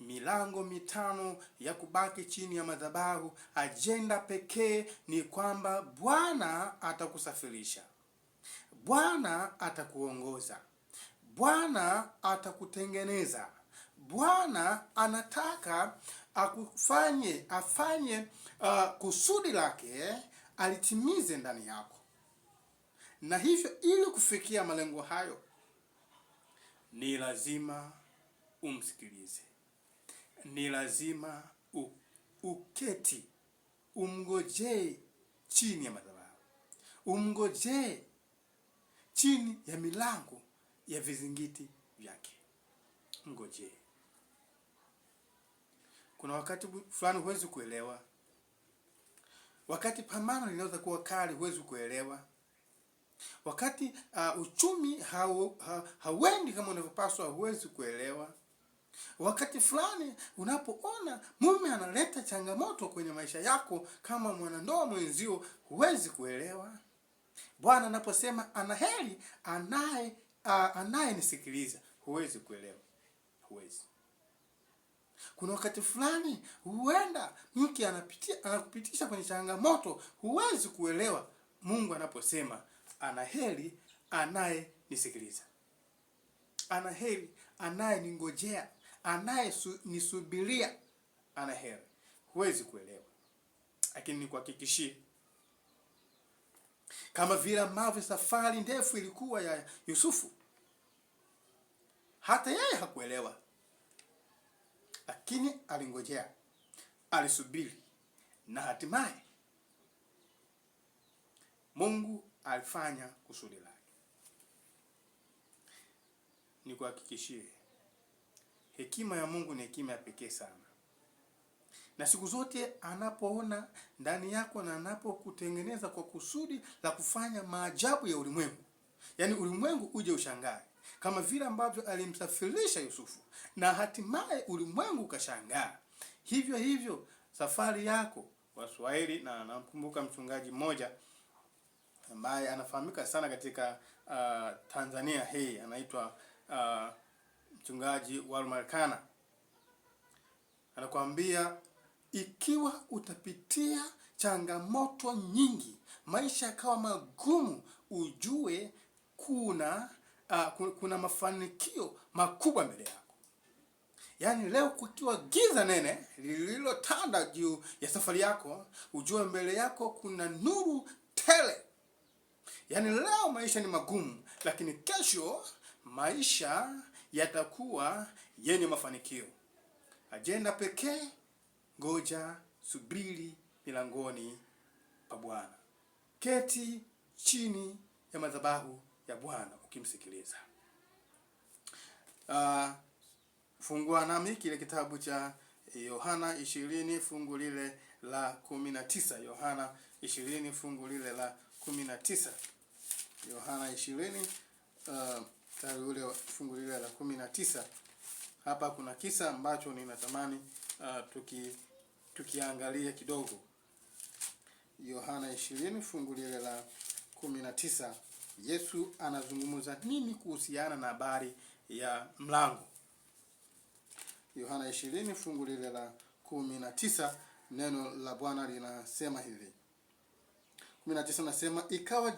milango mitano ya kubaki chini ya madhabahu. Ajenda pekee ni kwamba Bwana atakusafirisha, Bwana atakuongoza, Bwana atakutengeneza. Bwana anataka akufanye afanye uh, kusudi lake alitimize ndani yako, na hivyo ili kufikia malengo hayo ni lazima umsikilize ni lazima u, uketi umngojee chini ya madhabahu, umngojee chini ya milango ya vizingiti vyake, mngojee. Kuna wakati fulani huwezi kuelewa, wakati pambano linaweza kuwa kali, huwezi kuelewa wakati uh, uchumi hauendi hau, kama unavyopaswa, huwezi kuelewa. Wakati fulani unapoona mume analeta changamoto kwenye maisha yako kama mwanandoa mwenzio, huwezi kuelewa. Bwana anaposema ana heri anaye anayenisikiliza, huwezi kuelewa, huwezi kuna wakati fulani huenda mke anapitia anakupitisha kwenye changamoto, huwezi kuelewa. Mungu anaposema anaheri heri anaye ningojea anayenisubiria ana heri. Huwezi kuelewa, lakini nikuhakikishie kama vile ambavyo safari ndefu ilikuwa ya Yusufu, hata yeye hakuelewa, lakini alingojea, alisubiri na hatimaye Mungu alifanya kusudi lake. Nikuhakikishie Hekima ya Mungu ni hekima ya pekee sana, na siku zote anapoona ndani yako na anapokutengeneza kwa kusudi la kufanya maajabu ya ulimwengu, yaani ulimwengu uje ushangae, kama vile ambavyo alimsafirisha Yusufu na hatimaye ulimwengu ukashangaa. Hivyo hivyo safari yako Waswahili, na nakumbuka mchungaji mmoja ambaye anafahamika sana katika uh, Tanzania hii anaitwa uh, mchungaji wa Marekani anakuambia ikiwa utapitia changamoto nyingi, maisha yakawa magumu, ujue kuna uh, kuna mafanikio makubwa mbele yako. Yaani leo kukiwa giza nene lililotanda juu ya safari yako, ujue mbele yako kuna nuru tele. Yaani leo maisha ni magumu, lakini kesho maisha yatakuwa yenye mafanikio. Ajenda pekee, ngoja subiri milangoni pa Bwana. Keti chini ya madhabahu ya Bwana ukimsikiliza. Uh, fungua nami kile kitabu cha Yohana ishirini fungu lile la kumi na tisa Yohana ishirini fungu lile la kumi na tisa Yohana ishirini uh, mstari ule fungu lile la kumi na tisa. Hapa kuna kisa ambacho ninatamani uh, tuki tukiangalia kidogo. Yohana 20 fungu lile la 19, Yesu anazungumza nini kuhusiana na habari ya mlango? Yohana 20 fungu lile la 19, neno la Bwana linasema hivi 19, nasema ikawa